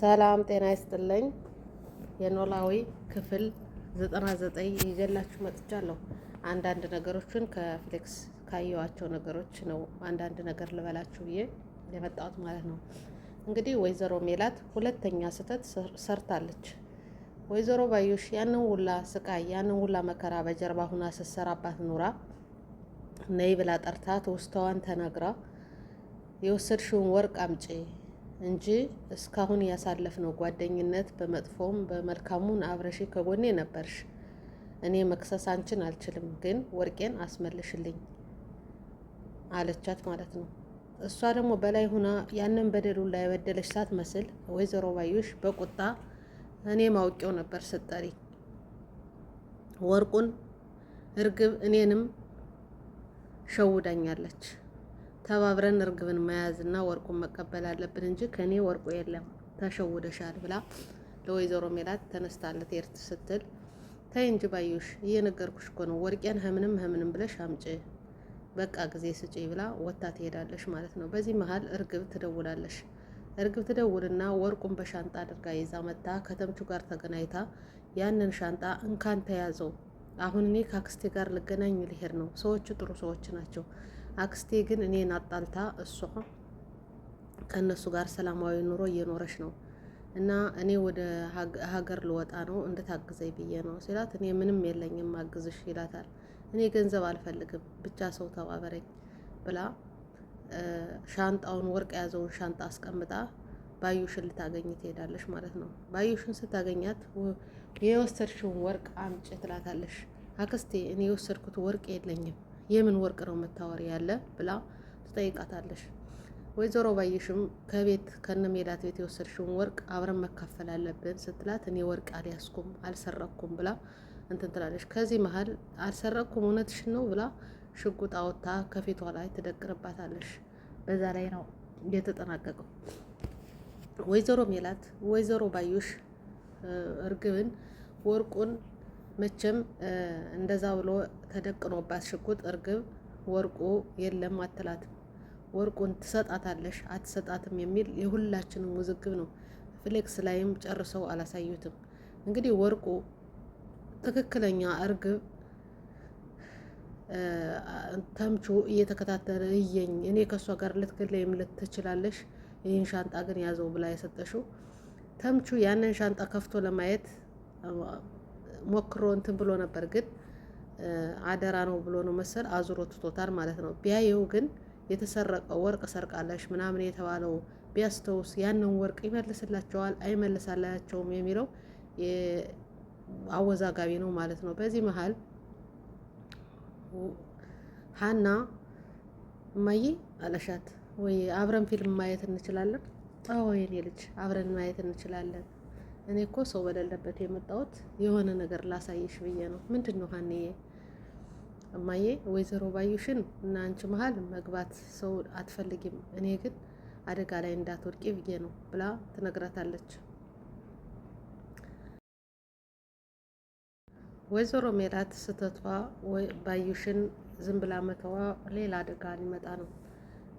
ሰላም ጤና ይስጥልኝ። የኖላዊ ክፍል 99 ይዤላችሁ መጥቻለሁ። አንዳንድ ነገሮችን ከፍሌክስ ካየዋቸው ነገሮች ነው አንዳንድ ነገር ልበላችሁ ብዬ የመጣሁት ማለት ነው። እንግዲህ ወይዘሮ ሜላት ሁለተኛ ስህተት ሰርታለች። ወይዘሮ ባዩሽ ያንን ሁላ ስቃይ ያንን ሁላ መከራ በጀርባ ሁና ስትሰራባት ኑራ ነይ ብላ ጠርታት ውስታዋን ተናግራ የወሰድሽውን ወርቅ አምጪ እንጂ እስካሁን ያሳለፍነው ጓደኝነት በመጥፎም በመልካሙን አብረሽ ከጎኔ ነበርሽ። እኔ መክሰስ አንቺን አልችልም፣ ግን ወርቄን አስመልሽልኝ አለቻት ማለት ነው። እሷ ደግሞ በላይ ሁና ያንን በደሉ ላይ በደለች ሳትመስል ወይዘሮ ባዩሽ በቁጣ እኔ ማውቂው ነበር ስጠሪ ወርቁን እርግብ እኔንም ሸውዳኛለች። ተባብረን እርግብን መያዝና ወርቁን መቀበል አለብን እንጂ ከኔ ወርቁ የለም ተሸውደሻል ብላ ለወይዘሮ ሜላት ተነስታለት ኤርት ስትል ተይ እንጂ ባዩሽ እየነገርኩሽ እኮ ነው ወርቄን ህምንም ህምንም ብለሽ አምጪ በቃ ጊዜ ስጪ ብላ ወታ ትሄዳለሽ ማለት ነው። በዚህ መሀል እርግብ ትደውላለሽ። እርግብ ትደውልና ወርቁን በሻንጣ አድርጋ ይዛ መታ ከተምቹ ጋር ተገናኝታ ያንን ሻንጣ እንካን ተያዘው፣ አሁን እኔ ከአክስቴ ጋር ልገናኝ ልሄድ ነው። ሰዎቹ ጥሩ ሰዎች ናቸው አክስቴ ግን እኔን አጣልታ እሷ ከእነሱ ጋር ሰላማዊ ኑሮ እየኖረች ነው እና እኔ ወደ ሀገር ልወጣ ነው እንድታግዘኝ ብዬ ነው ሲላት፣ እኔ ምንም የለኝም አግዝሽ ይላታል። እኔ ገንዘብ አልፈልግም ብቻ ሰው ተባበረኝ ብላ ሻንጣውን ወርቅ የያዘውን ሻንጣ አስቀምጣ ባዩሽን ልታገኝ ትሄዳለች ማለት ነው። ባዩሽን ስታገኛት የወሰድሽውን ወርቅ አምጭ ትላታለሽ። አክስቴ እኔ የወሰድኩት ወርቅ የለኝም የምን ወርቅ ነው መታወሪ ያለ ብላ ትጠይቃታለሽ። ወይዘሮ ባየሽም ከቤት ከነ ሜዳት ቤት የወሰድሽውን ወርቅ አብረን መካፈል አለብን ስትላት እኔ ወርቅ አልያዝኩም አልሰረቅኩም ብላ እንትን ትላለች። ከዚህ መሀል አልሰረቅኩም እውነትሽ ነው ብላ ሽጉጥ አወታ ከፊቷ ላይ ትደቅርባታለሽ። በዛ ላይ ነው የተጠናቀቀው። ወይዘሮ ሜላት ወይዘሮ ባዩሽ እርግብን ወርቁን መቼም እንደዛ ብሎ ተደቅኖባት ሽጉጥ እርግብ ወርቁ የለም አትላትም። ወርቁን ትሰጣታለሽ አትሰጣትም የሚል የሁላችንም ውዝግብ ነው። ፍሌክስ ላይም ጨርሰው አላሳዩትም። እንግዲህ ወርቁ ትክክለኛ እርግብ ተምቹ እየተከታተለ እየኝ እኔ ከእሷ ጋር ልትገለይም ልትችላለሽ፣ ይህን ሻንጣ ግን ያዘው ብላ የሰጠሽው ተምቹ ያንን ሻንጣ ከፍቶ ለማየት ሞክሮ እንትን ብሎ ነበር፣ ግን አደራ ነው ብሎ ነው መሰል አዙሮ ትቶታል ማለት ነው። ቢያየው ግን የተሰረቀው ወርቅ ሰርቃለሽ ምናምን የተባለው ቢያስተውስ ያንን ወርቅ ይመልስላቸዋል አይመልሳላቸውም የሚለው አወዛጋቢ ነው ማለት ነው። በዚህ መሀል ሀና እማዬ አለሻት ወይ አብረን ፊልም ማየት እንችላለን? አዎ የኔ ልጅ አብረን ማየት እንችላለን እኔ እኮ ሰው በሌለበት የመጣሁት የሆነ ነገር ላሳይሽ ብዬ ነው። ምንድን ነው ሀንዬ? እማዬ ወይዘሮ ባዩሽን እና አንቺ መሀል መግባት ሰው አትፈልጊም፣ እኔ ግን አደጋ ላይ እንዳትወድቂ ብዬ ነው ብላ ትነግረታለች። ወይዘሮ ሜላት ስህተቷ ባዩሽን ዝም ብላ መተዋ ሌላ አደጋ ሊመጣ ነው።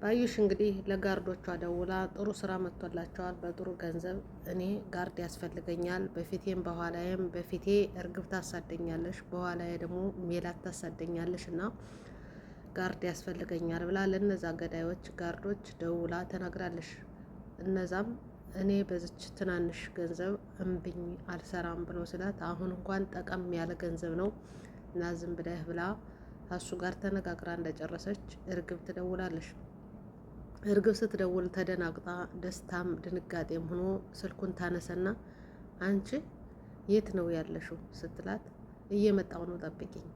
ባዩሽ እንግዲህ ለጋርዶቿ ደውላ ጥሩ ስራ መጥቶላቸዋል፣ በጥሩ ገንዘብ እኔ ጋርድ ያስፈልገኛል። በፊቴም በኋላዬም በፊቴ እርግብ ታሳደኛለሽ፣ በኋላዬ ደግሞ ሜላት ታሳደኛለሽ እና ጋርድ ያስፈልገኛል ብላ ለነዛ ገዳዮች ጋርዶች ደውላ ተናግራለሽ። እነዛም እኔ በዚች ትናንሽ ገንዘብ እምብኝ አልሰራም ብሎ ስላት አሁን እንኳን ጠቀም ያለ ገንዘብ ነው እና ዝም ብለህ ብላ ከሱ ጋር ተነጋግራ እንደጨረሰች እርግብ ትደውላለሽ። እርግብ ስትደውል ተደናግጣ ደስታም ድንጋጤም ሆኖ ስልኩን ታነሰና አንቺ የት ነው ያለሽው ስትላት እየመጣው ነው ጠብቂኝ።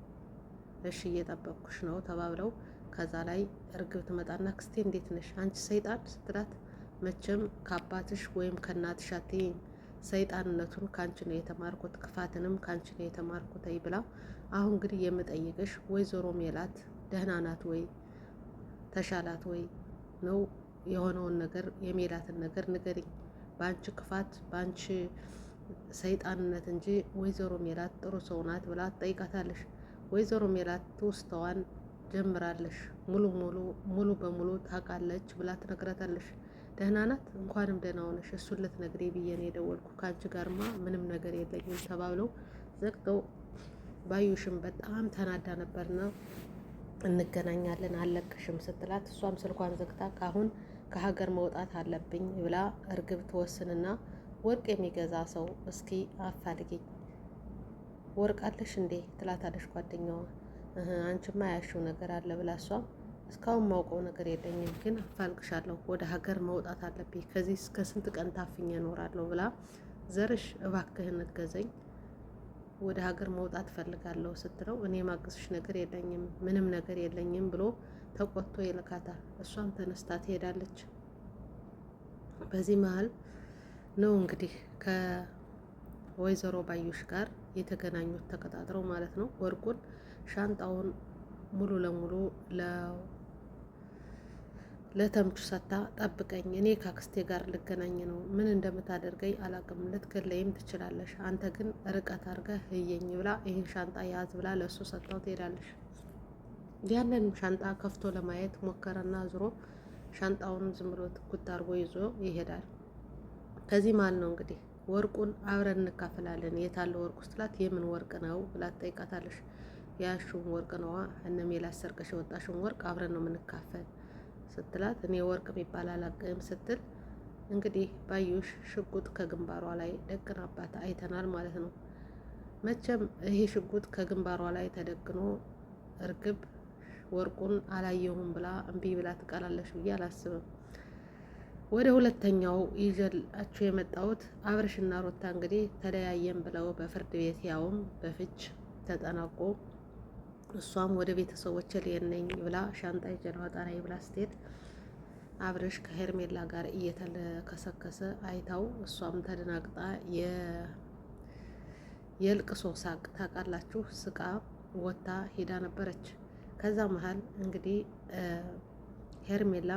እሺ እየጠበቅኩሽ ነው ተባብለው ከዛ ላይ እርግብ ትመጣና ክስቴ እንዴት ነሽ አንቺ ሰይጣን ስትላት መቼም ከአባትሽ ወይም ከእናትሽ አትይኝ ሰይጣንነቱን ከአንቺ ነው የተማርኩት፣ ክፋትንም ከአንቺ ነው የተማርኩት ብላ አሁን እንግዲህ የምጠይቅሽ ወይዘሮ ሜላት ደህና ናት ወይ ተሻላት ወይ ነው የሆነውን ነገር የሜላትን ነገር ንገሪኝ። በአንቺ ክፋት በአንቺ ሰይጣንነት እንጂ ወይዘሮ ሜላት ጥሩ ሰው ናት ብላ ትጠይቃታለሽ። ወይዘሮ ሜላት ትውስተዋን ጀምራለሽ ሙሉ ሙሉ ሙሉ በሙሉ ታውቃለች ብላ ትነግረታለሽ። ደህና ናት፣ እንኳንም ደህና ሆነሽ። እሱን ልትነግሬ ብዬ ነው የደወልኩ። ከአንቺ ጋርማ ምንም ነገር የለኝም ተባብለው ዘግተው ባዩሽም በጣም ተናዳ ነበርና እንገናኛለን አለቅሽም ስትላት እሷም ስልኳን ዘግታ ካሁን ከሀገር መውጣት አለብኝ ብላ እርግብ ትወስንና ወርቅ የሚገዛ ሰው እስኪ አፋልጊኝ ወርቅ አለሽ እንዴ ትላታለሽ ጓደኛዋ አንቺማ ያሽው ነገር አለ ብላ እሷም እስካሁን ማውቀው ነገር የለኝም ግን አፋልቅሻለሁ ወደ ሀገር መውጣት አለብኝ ከዚህ እስከ ስንት ቀን ታፍኜ እኖራለሁ ብላ ዘርሽ እባክህን እገዘኝ ወደ ሀገር መውጣት ፈልጋለሁ ስትለው እኔ ማግዝሽ ነገር የለኝም ምንም ነገር የለኝም ብሎ ተቆጥቶ ይልካታል። እሷም ተነስታ ትሄዳለች። በዚህ መሀል ነው እንግዲህ ከወይዘሮ ባዩሽ ጋር የተገናኙት ተቀጣጥረው ማለት ነው። ወርቁን ሻንጣውን ሙሉ ለሙሉ ለተምቹ ሰታ ጠብቀኝ፣ እኔ ከአክስቴ ጋር ልገናኝ ነው። ምን እንደምታደርገኝ አላቅም። ልትገለይም ትችላለሽ። አንተ ግን ርቀት አድርገህ እየኝ ብላ ይህን ሻንጣ ያዝ ብላ ለእሱ ሰጥታው ትሄዳለሽ። ያንን ሻንጣ ከፍቶ ለማየት ሞከረና ዝሮ ሻንጣውን ዝም ብሎ ትኩት አድርጎ ይዞ ይሄዳል። ከዚህ መሀል ነው እንግዲህ ወርቁን አብረን እንካፈላለን። የታለ ወርቁ ስትላት የምን ወርቅ ነው ብላ ትጠይቃታለሽ። ያሹም ወርቅ ነዋ እነ ሜላት ሰርቀሽ የወጣሽውን ወርቅ አብረን ነው የምንካፈል ስትላት እኔ ወርቅ የሚባል አላቅም ስትል እንግዲህ ባዩሽ ሽጉጥ ከግንባሯ ላይ ደቅናባት አይተናል ማለት ነው። መቼም ይሄ ሽጉጥ ከግንባሯ ላይ ተደቅኖ እርግብ ወርቁን አላየሁም ብላ እምቢ ብላ ትቀላለሽ ብዬ አላስብም። ወደ ሁለተኛው ይዤላችሁ የመጣሁት አብርሽና ሮታ እንግዲህ ተለያየን ብለው በፍርድ ቤት ያውም በፍች ተጠናቆ እሷም ወደ ቤተሰቦች ልሄድ ነኝ ብላ ሻንጣ ይዤ ልወጣ ነኝ ብላ ስትሄድ አብረሽ ከሄርሜላ ጋር እየተለከሰከሰ አይታው እሷም ተደናግጣ የልቅሶ ሳቅ ታውቃላችሁ፣ ስቃ ወታ ሄዳ ነበረች። ከዛ መሀል እንግዲህ ሄርሜላ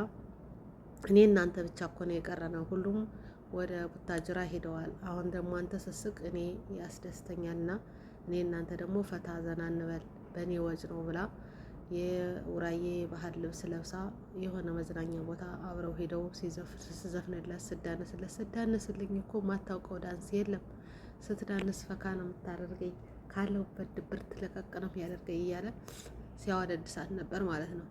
እኔ እናንተ ብቻ እኮ ነው የቀረ ነው፣ ሁሉም ወደ ቡታጅራ ሄደዋል። አሁን ደግሞ አንተ ስስቅ እኔ ያስደስተኛልና እኔ እናንተ ደግሞ ፈታ ዘና እንበል በእኔ ወጭ ነው ብላ የውራዬ ባህል ልብስ ለብሳ የሆነ መዝናኛ ቦታ አብረው ሄደው ስዘፍንለት ስዳነስለት ስዳነስልኝ እኮ ማታውቀው ዳንስ የለም። ስትዳንስ ፈካ ነው የምታደርገኝ፣ ካለሁበት ድብርት ለቀቅ ነው ያደርገኝ እያለ ሲያወደድሳት ነበር ማለት ነው።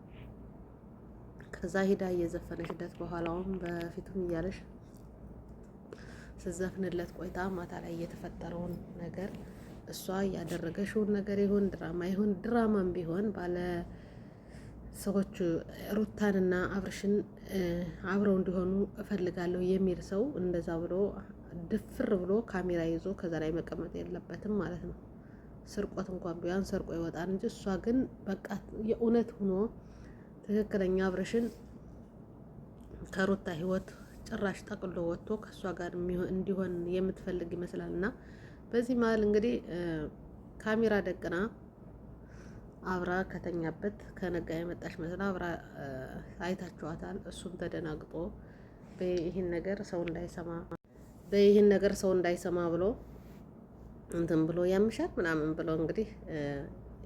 ከዛ ሂዳ እየዘፈነችለት በኋላውም በፊቱም እያለሽ ስዘፍንለት ቆይታ ማታ ላይ የተፈጠረውን ነገር እሷ ያደረገሽውን ነገር ይሁን ድራማ ይሁን ድራማም ቢሆን ባለ ሰዎቹ ሩታንና አብርሽን አብረው እንዲሆኑ እፈልጋለሁ የሚል ሰው እንደዛ ብሎ ድፍር ብሎ ካሜራ ይዞ ከዛ ላይ መቀመጥ የለበትም ማለት ነው። ስርቆት እንኳን ቢሆን ሰርቆ ይወጣል እንጂ እሷ ግን በቃ የእውነት ሆኖ ትክክለኛ አብርሽን ከሩታ ህይወት ጭራሽ ጠቅሎ ወጥቶ ከእሷ ጋር እንዲሆን የምትፈልግ ይመስላል እና በዚህ መሀል እንግዲህ ካሜራ ደቅና አብራ ከተኛበት ከነጋ የመጣች መስላ አብራ አይታችኋታል። እሱም ተደናግጦ በይህን ነገር ሰው እንዳይሰማ በይህን ነገር ሰው እንዳይሰማ ብሎ እንትን ብሎ ያምሻል ምናምን ብሎ እንግዲህ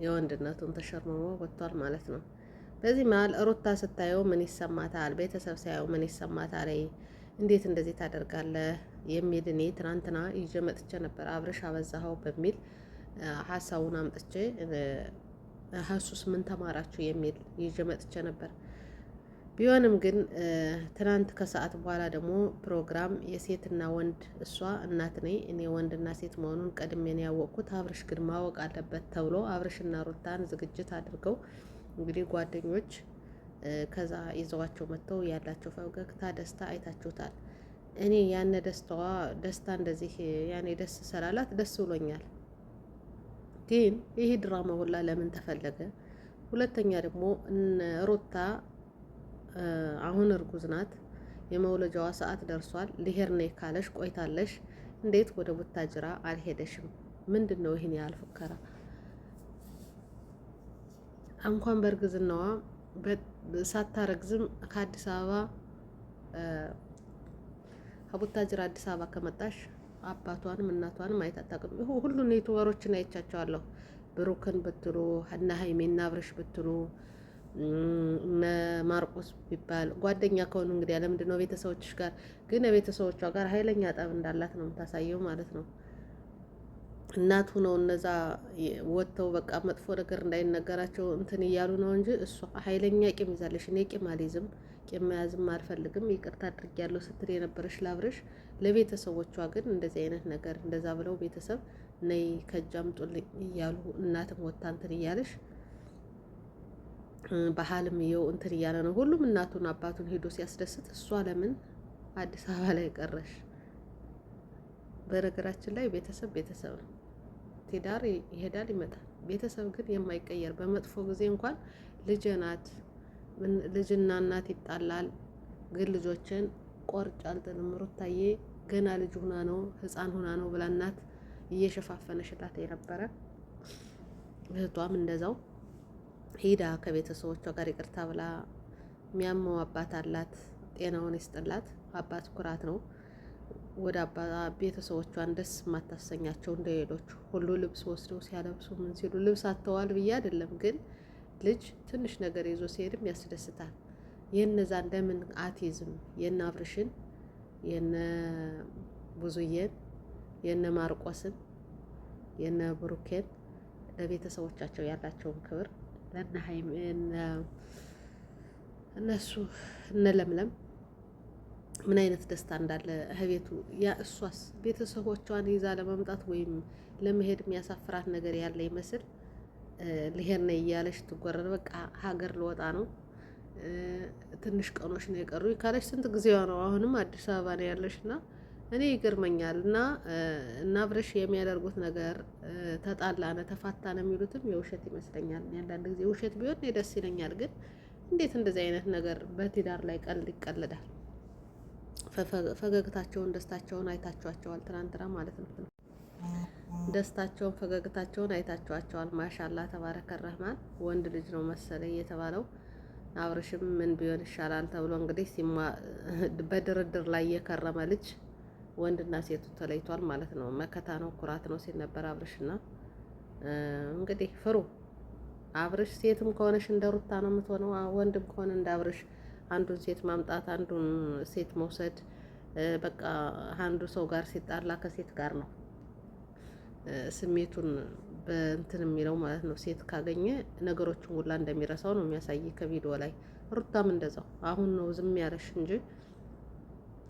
የወንድነቱን ተሸርምሞ ወጥቷል ማለት ነው። በዚህ መሀል ሩታ ስታየው ምን ይሰማታል? ቤተሰብ ሳየው ምን ይሰማታል? እንዴት እንደዚህ ታደርጋለህ የሚል እኔ ትናንትና ይዤ መጥቼ ነበር። አብረሽ አበዛኸው በሚል ሀሳቡን አምጥቼ ሀሱስ ምን ተማራችሁ የሚል ይዤ መጥቼ ነበር። ቢሆንም ግን ትናንት ከሰዓት በኋላ ደግሞ ፕሮግራም የሴትና ወንድ እሷ እናት ነኝ እኔ ወንድና ሴት መሆኑን ቀድሜ ነው ያወቅኩት፣ አብረሽ ግን ማወቅ አለበት ተብሎ አብረሽና ሩታን ዝግጅት አድርገው እንግዲህ ጓደኞች ከዛ ይዘዋቸው መጥተው ያላቸው ፈገግታ ደስታ አይታችሁታል። እኔ ያነ ደስታዋ ደስታ እንደዚህ ያኔ ደስ ስላላት ደስ ብሎኛል። ግን ይሄ ድራማ ሁላ ለምን ተፈለገ? ሁለተኛ ደግሞ ሩታ አሁን እርጉዝ ናት። የመውለጃዋ ሰዓት ደርሷል። ልሄድ ነይ ካለሽ ቆይታለሽ። እንዴት ወደ ቡታጅራ አልሄደሽም? ምንድን ነው ይህን ያህል ፉከራ? እንኳን በእርግዝናዋ ሳታረግዝም ከአዲስ አበባ ከቡታጅራ አዲስ አበባ ከመጣሽ አባቷንም እናቷንም አይታ አታውቅም። ሁሉን ወሮችን አይቻቸዋለሁ። ብሩክን ብትሉ እና ሀይሜ አብርሽ ብትሉ እነ ማርቆስ ቢባል ጓደኛ ከሆኑ እንግዲህ ለምንድነው ቤተሰቦችሽ ጋር ግን የቤተሰቦቿ ጋር ሀይለኛ ጠብ እንዳላት ነው የምታሳየው ማለት ነው። እናቱ ነው እነዛ ወጥተው በቃ መጥፎ ነገር እንዳይነገራቸው እንትን እያሉ ነው እንጂ እሷ ኃይለኛ ቂም ይዛለሽ። እኔ ቂም አልይዝም፣ ቂም መያዝም አልፈልግም፣ ይቅርታ ያለው ስትል የነበረች ላብርሽ ለቤተሰቦቿ ግን እንደዚህ አይነት ነገር እንደዛ ብለው ቤተሰብ ነይ ከጃም ጡልኝ እያሉ እናትም ወታ እንትን እያለሽ ባህልም የው እንትን እያለ ነው ሁሉም እናቱን አባቱን ሄዶ ሲያስደስት፣ እሷ ለምን አዲስ አበባ ላይ ቀረሽ? በነገራችን ላይ ቤተሰብ ቤተሰብ ነው። ትዳር ይሄዳል ይመጣል። ቤተሰብ ግን የማይቀየር በመጥፎ ጊዜ እንኳን ልጅ ናት ልጅና እናት ይጣላል። ግን ልጆችን ቆርጬ አልጥልም ሩታዬ ገና ልጅ ሁና ነው ህፃን ሁና ነው ብላ እናት እየሸፋፈነችላት የነበረ እህቷም እንደዛው ሂዳ ከቤተሰቦቿ ጋር ይቅርታ ብላ የሚያመው አባት አላት። ጤናውን ይስጥላት። አባት ኩራት ነው። ወደ አባ ቤተሰቦቿን ደስ የማታሰኛቸው እንደ ሌሎች ሁሉ ልብስ ወስደው ሲያለብሱ ምን ሲሉ ልብስ አተዋል ብዬ አይደለም፣ ግን ልጅ ትንሽ ነገር ይዞ ሲሄድም ያስደስታል። የነዛን ለምን አቲዝም የነ አብርሽን የነ ብዙዬን የነ ማርቆስን የነ ብሩኬን ለቤተሰቦቻቸው ያላቸውን ክብር ለነ እነሱ እነ ለምለም ምን አይነት ደስታ እንዳለ እህቤቱ ያ እሷስ ቤተሰቦቿን ይዛ ለመምጣት ወይም ለመሄድ የሚያሳፍራት ነገር ያለ ይመስል ልሄድ ነው እያለች ትጎረር። በቃ ሀገር ልወጣ ነው ትንሽ ቀኖች ነው የቀሩ ካለች ስንት ጊዜዋ ነው? አሁንም አዲስ አበባ ነው ያለሽ እና እኔ ይገርመኛል። እና እና የሚያደርጉት ነገር ተጣላነ ተፋታነ የሚሉትም የውሸት ይመስለኛል። አንዳንድ ጊዜ ውሸት ቢሆን ደስ ይለኛል፣ ግን እንዴት እንደዚህ አይነት ነገር በትዳር ላይ ቀልድ ይቀልዳል? ፈገግታቸውን ደስታቸውን አይታችኋቸዋል። ትናንትና ማለት ነው። ደስታቸውን ፈገግታቸውን አይታችኋቸዋል። ማሻላ ተባረከ ረህማን ወንድ ልጅ ነው መሰለኝ የተባለው አብርሽም ምን ቢሆን ይሻላል ተብሎ እንግዲህ በድርድር ላይ የከረመ ልጅ ወንድና ሴቱ ተለይቷል ማለት ነው። መከታ ነው ኩራት ነው ሲል ነበር አብርሽና እንግዲህ ፍሩ አብርሽ ሴትም ከሆነሽ እንደ ሩታ ነው የምትሆነው፣ ወንድም ከሆነ እንደ አብርሽ አንዱን ሴት ማምጣት፣ አንዱን ሴት መውሰድ፣ በቃ አንዱ ሰው ጋር ሲጣላ ከሴት ጋር ነው ስሜቱን በእንትን የሚለው ማለት ነው። ሴት ካገኘ ነገሮችን ሁላ እንደሚረሳው ነው የሚያሳይ ከቪዲዮ ላይ። ሩታም እንደዛው አሁን ነው ዝም ያለሽ እንጂ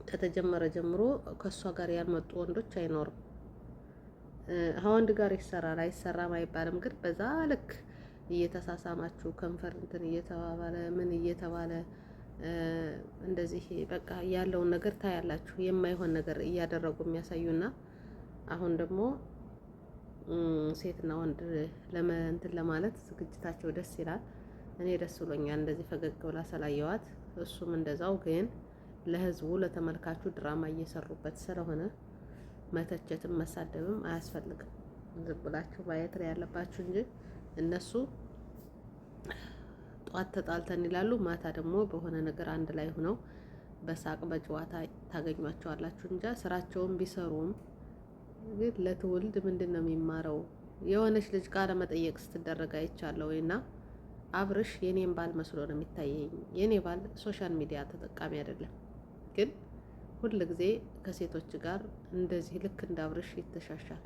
ከተጀመረ ጀምሮ ከእሷ ጋር ያልመጡ ወንዶች አይኖርም። ከወንድ ጋር ይሰራል አይሰራም አይባልም፣ ግን በዛ ልክ እየተሳሳማችሁ ከንፈር እንትን እየተባባለ ምን እየተባለ እንደዚህ በቃ ያለውን ነገር ታያላችሁ። የማይሆን ነገር እያደረጉ የሚያሳዩና አሁን ደግሞ ሴትና ወንድ ለመንትን ለማለት ዝግጅታቸው ደስ ይላል። እኔ ደስ ብሎኛል። እንደዚህ ፈገግ ብላ ስላየዋት እሱም እንደዛው። ግን ለህዝቡ ለተመልካቹ ድራማ እየሰሩበት ስለሆነ መተቸትም መሳደብም አያስፈልግም። ዝም ብላችሁ ማየት ያለባችሁ እንጂ እነሱ ጠዋት ተጣልተን ይላሉ፣ ማታ ደግሞ በሆነ ነገር አንድ ላይ ሆነው በሳቅ በጨዋታ ታገኟቸዋላችሁ። እንጃ ስራቸውን ቢሰሩም ግን ለትውልድ ምንድን ነው የሚማረው? የሆነች ልጅ ቃለ መጠየቅ ስትደረግ አይቻለሁ እና አብርሽ የኔም ባል መስሎ ነው የሚታየኝ። የኔ ባል ሶሻል ሚዲያ ተጠቃሚ አይደለም፣ ግን ሁል ጊዜ ከሴቶች ጋር እንደዚህ ልክ እንደ አብርሽ ይተሻሻል፣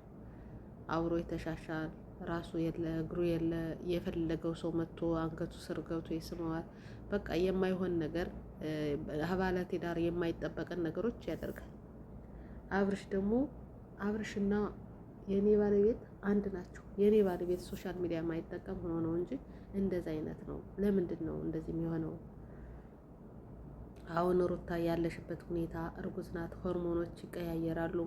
አብሮ ይተሻሻል። ራሱ የለ እግሩ የለ የፈለገው ሰው መጥቶ አንገቱ ስር ገብቶ ይስመዋል። በቃ የማይሆን ነገር አባለ ዳር የማይጠበቀን ነገሮች ያደርጋል። አብርሽ ደግሞ አብርሽና የኔ ባለቤት አንድ ናቸው። የኔ ባለቤት ሶሻል ሚዲያ የማይጠቀም ሆኖ ነው እንጂ እንደዚ አይነት ነው። ለምንድን ነው እንደዚህ የሚሆነው? አሁን ሩታ ያለሽበት ሁኔታ እርጉዝ ናት፣ ሆርሞኖች ይቀያየራሉ።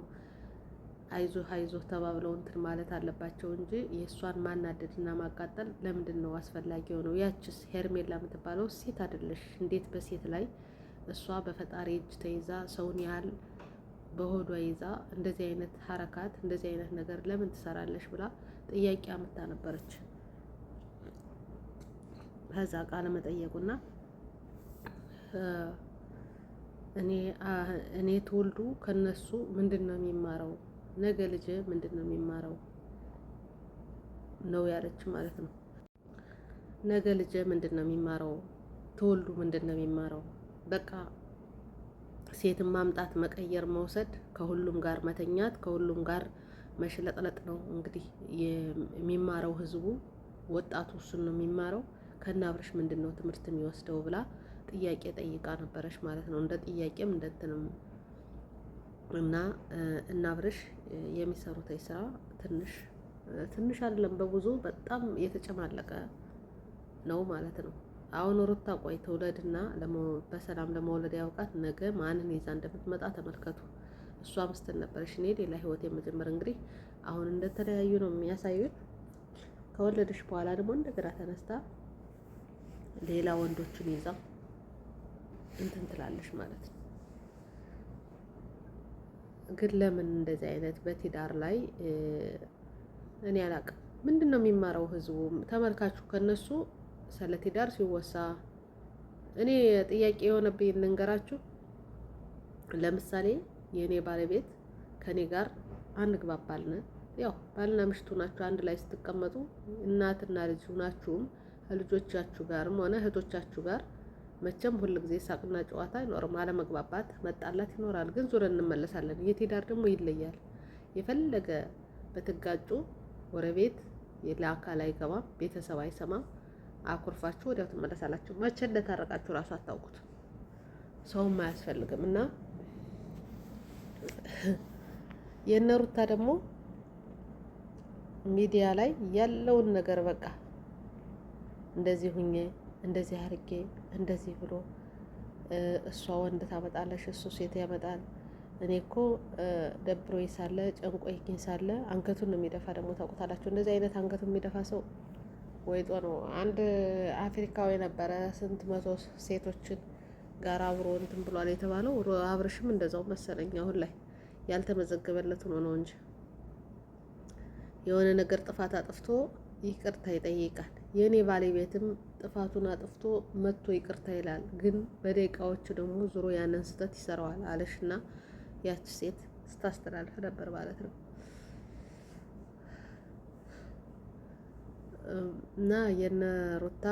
አይዞህ አይዞህ ተባብለው እንትን ማለት አለባቸው እንጂ የእሷን ማናደድና ማቃጠል ለምንድን ነው አስፈላጊ ሆነው? ያችስ ሄርሜላ የምትባለው ሴት አይደለሽ? እንዴት በሴት ላይ እሷ በፈጣሪ እጅ ተይዛ ሰውን ያህል በሆዷ ይዛ እንደዚህ አይነት ሀረካት እንደዚህ አይነት ነገር ለምን ትሰራለሽ ብላ ጥያቄ አምታ ነበረች። ከዛ ቃለ መጠየቁና እኔ እኔ ትውልዱ ከነሱ ምንድን ነው የሚማረው ነገ ልጅ ምንድን ነው የሚማረው ነው ያለች ማለት ነው። ነገ ልጅ ምንድን ነው የሚማረው ትውልዱ ምንድን ነው የሚማረው? በቃ ሴትን ማምጣት፣ መቀየር፣ መውሰድ፣ ከሁሉም ጋር መተኛት፣ ከሁሉም ጋር መሽለጥለጥ ነው እንግዲህ የሚማረው ህዝቡ፣ ወጣቱ እሱን ነው የሚማረው። ከናብረሽ ምንድን ነው ትምህርት የሚወስደው ብላ ጥያቄ ጠይቃ ነበረች ማለት ነው። እንደ ጥያቄም እንደትንም እና እና ብርሽ የሚሰሩት ስራ ትንሽ ትንሽ አይደለም፣ በጉዞ በጣም የተጨማለቀ ነው ማለት ነው። አሁን ሩታ ቆይ ትውለድና በሰላም ለመውለድ ያውቃት። ነገ ማንን ይዛ እንደምትመጣ ተመልከቱ። እሷ ምስትን ነበረች፣ እኔ ሌላ ህይወት የምጀምር እንግዲህ አሁን እንደተለያዩ ነው የሚያሳዩት። ከወለደች በኋላ ደግሞ እንደገና ተነስታ ሌላ ወንዶችን ይዛ እንትን ትላለሽ ማለት ነው። ግን ለምን እንደዚህ አይነት በትዳር ላይ እኔ አላቅም። ምንድን ነው የሚማረው ህዝቡ ተመልካቹ ከነሱ ስለ ትዳር ሲወሳ እኔ ጥያቄ የሆነብኝ ልንገራችሁ። ለምሳሌ የእኔ ባለቤት ከኔ ጋር አንግባባልን። ያው ባልና ምሽቱ ናችሁ አንድ ላይ ስትቀመጡ እናትና ልጅ ሁናችሁም ከልጆቻችሁ ጋርም ሆነ እህቶቻችሁ ጋር መቼም ሁል ጊዜ ሳቅና ጨዋታ አይኖርም። አለመግባባት መጣላት ይኖራል፣ ግን ዙረን እንመለሳለን። የትዳር ደግሞ ይለያል። የፈለገ በትጋጩ ጎረቤት ለአካል አይገባም፣ ቤተሰብ አይሰማም። አኩርፋችሁ ወዲያው ትመለሳላችሁ። መቼ እንደታረቃችሁ ራሱ አታውቁት። ሰውም አያስፈልግም እና የእነሩታ ደግሞ ሚዲያ ላይ ያለውን ነገር በቃ እንደዚህ ሁኜ እንደዚህ አርጌ እንደዚህ ብሎ እሷ ወንድ ታመጣለሽ፣ እሱ ሴት ያመጣል። እኔ እኮ ደብሮ ሳለ ጨንቆኝ ሳለ አንገቱን ነው የሚደፋ። ደግሞ ታውቁታላችሁ፣ እንደዚህ አይነት አንገቱን የሚደፋ ሰው ወይጦ ነው። አንድ አፍሪካዊ ነበረ ስንት መቶ ሴቶችን ጋር አብሮ እንትን ብሏል የተባለው አብርሽም እንደዛው መሰለኝ። አሁን ላይ ያልተመዘገበለት ሆኖ ነው እንጂ የሆነ ነገር ጥፋት አጥፍቶ ይቅርታ ይጠይቃል። የእኔ ባለቤትም ጥፋቱን አጥፍቶ መጥቶ ይቅርታ ይላል። ግን በደቂቃዎቹ ደግሞ ዞሮ ያንን ስህተት ይሰራዋል አለሽና ያች ሴት ስታስተላልፍ ነበር ማለት ነው። እና የነ ሩታ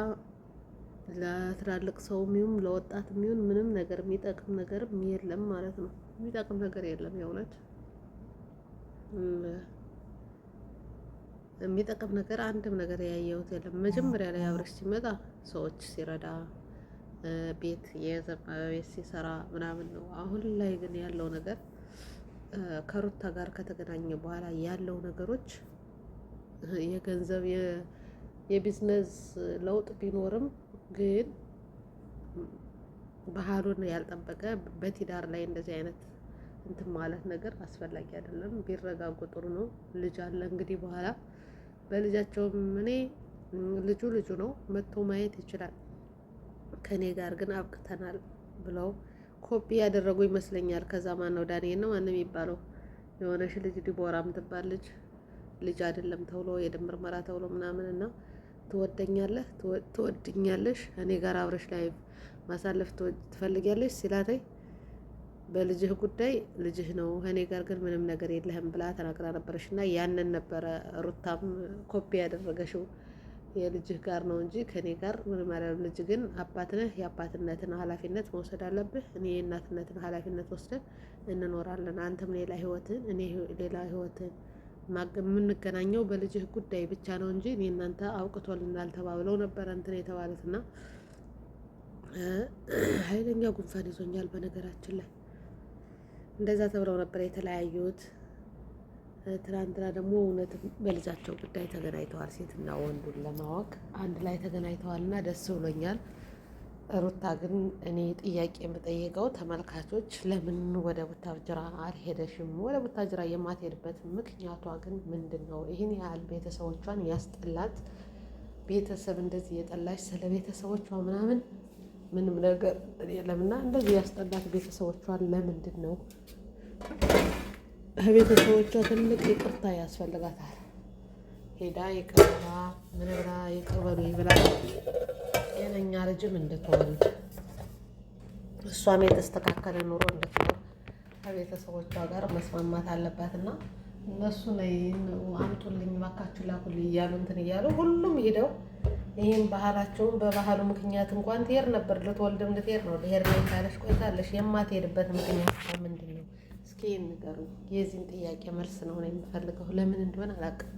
ለትላልቅ ሰው የሚሆን ለወጣት የሚሆን ምንም ነገር የሚጠቅም ነገር የለም ማለት ነው። የሚጠቅም ነገር የለም የእውነት የሚጠቅም ነገር አንድም ነገር ያየሁት የለም። መጀመሪያ ላይ አብረሽ ሲመጣ ሰዎች ሲረዳ ቤት ቤት ሲሰራ ምናምን ነው። አሁን ላይ ግን ያለው ነገር ከሩታ ጋር ከተገናኘ በኋላ ያለው ነገሮች የገንዘብ የቢዝነስ ለውጥ ቢኖርም ግን ባህሉን ያልጠበቀ በትዳር ላይ እንደዚህ አይነት እንትን ማለት ነገር አስፈላጊ አይደለም። ቢረጋጉ ጥሩ ነው። ልጅ አለ እንግዲህ በኋላ በልጃቸውም እኔ ልጁ ልጁ ነው መጥቶ ማየት ይችላል ከእኔ ጋር ግን አብቅተናል ብለው ኮፒ ያደረጉ ይመስለኛል። ከዛ ማን ነው ዳንኤል ነው ማንም የሚባለው የሆነሽ ልጅ ዲቦራ ምትባል ልጅ ልጅ አይደለም ተብሎ የደም ምርመራ ተብሎ ምናምን እና ትወደኛለህ ትወድኛለሽ እኔ ጋር አብረሽ ላይ ማሳለፍ ትፈልጊያለሽ ሲላተኝ በልጅህ ጉዳይ ልጅህ ነው፣ ከኔ ጋር ግን ምንም ነገር የለህም ብላ ተናግራ ነበረች። እና ያንን ነበረ ሩታም ኮፒ ያደረገሽው የልጅህ ጋር ነው እንጂ ከኔ ጋር ምንም አይደለም። ልጅ ግን አባትነህ የአባትነትን ኃላፊነት መውሰድ አለብህ። እኔ የእናትነትን ኃላፊነት ወስደን እንኖራለን። አንተም ሌላ ህይወትን እኔ ሌላ ህይወትን የምንገናኘው በልጅህ ጉዳይ ብቻ ነው እንጂ እኔ እናንተ አውቅቶልናል ተባብለው ነበረ እንትን የተባለትና ኃይለኛ ጉንፋን ይዞኛል በነገራችን ላይ እንደዛ ተብለው ነበር የተለያዩት። ትናንትና ደግሞ እውነት በልጃቸው ጉዳይ ተገናኝተዋል። ሴትና ወንዱን ለማወቅ አንድ ላይ ተገናኝተዋል እና ደስ ብሎኛል። ሩታ ግን እኔ ጥያቄ የምጠይቀው ተመልካቾች ለምን ወደ ቡታጅራ አልሄደሽም? ወደ ቡታጅራ የማትሄድበት ምክንያቷ ግን ምንድን ነው? ይህን ያህል ቤተሰቦቿን ያስጠላት ቤተሰብ እንደዚህ የጠላሽ ስለ ቤተሰቦቿ ምናምን ምንም ነገር የለምና እንደዚህ ያስጠላት ቤተሰቦቿን ለምንድን ነው? ከቤተሰቦቿ ትልቅ ይቅርታ ያስፈልጋታል። ሄዳ የቀረባ ምን ብላ ይቅር ብላ ጤነኛ ልጅም እንድትወልድ እሷም የተስተካከለ ኑሮ እንድትኖር ከቤተሰቦቿ ጋር መስማማት አለባት እና እነሱ ነይ አምጡልኝ እባካችሁ ላኩልኝ እያሉ እንትን እያሉ ሁሉም ሄደው ይህም ባህላቸውን በባህሉ ምክንያት እንኳን ትሄድ ነበር። ልትወልድም ልትሄድ ነው። ልሄድ ነው ካለሽ ቆይታለሽ። የማትሄድበት ምክንያት ምንድን ነው? እስኪ ንገሩኝ። የዚህን ጥያቄ መልስ ነው ነው የምፈልገው። ለምን እንደሆነ አላውቅም።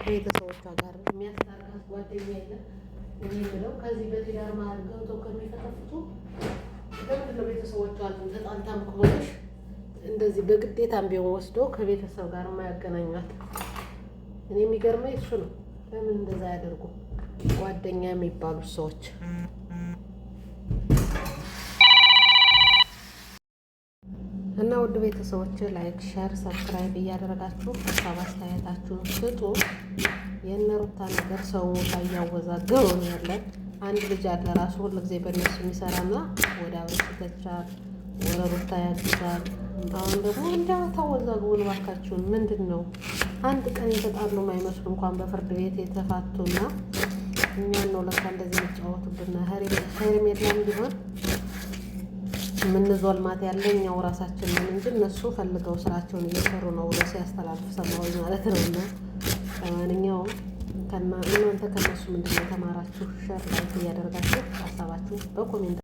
ከቤተሰቦቿ ጋር የሚያስታርቃት ጓደኛ የለ። እኔ የምለው ከዚህ በትዳር መሀል ገብተው ከሚፈጠፍቱ ለምንድን ነው ቤተሰቦቿ ተጣልታም ከሆነሽ እንደዚህ በግዴታም ቢሆን ወስዶ ከቤተሰብ ጋር የማያገናኟት? እኔ የሚገርመኝ እሱ ነው። ለምን እንደዛ ያደርጉም? ጓደኛ የሚባሉ ሰዎች እና ውድ ቤተሰቦች ላይክ፣ ሸር፣ ሰብስክራይብ እያደረጋችሁ ሀሳብ አስተያየታችሁን ስጡ። የእነ ነገር ሰው እያወዛገበ ነው ያለን። አንድ ልጅ አለ ራሱ ሁሉ ጊዜ በእነሱ የሚሰራና ወደ አብሬት ይተቻል፣ ወደ ሩታ ያግዛል። አሁን ደግሞ እንዲያው ታወዛግቡ እባካችሁን። ምንድን ነው አንድ ቀን የተጣሉ ማይመስሉ እንኳን በፍርድ ቤት የተፋቱና እኛን ነው ለካ እንደዚህ የሚጫወቱብን። ሄርሜላም ቢሆን የምንዞልማት ያለ እኛው ራሳችን ነን እንጂ እነሱ ፈልገው ስራቸውን እየሰሩ ነው ብሎ ሲያስተላልፍ ሰማሁኝ ማለት ነው። እና ለማንኛውም እናንተ ከነሱ ምንድን የተማራችሁ? ሸር ላይክ እያደረጋችሁ ሀሳባችሁ በኮሜንት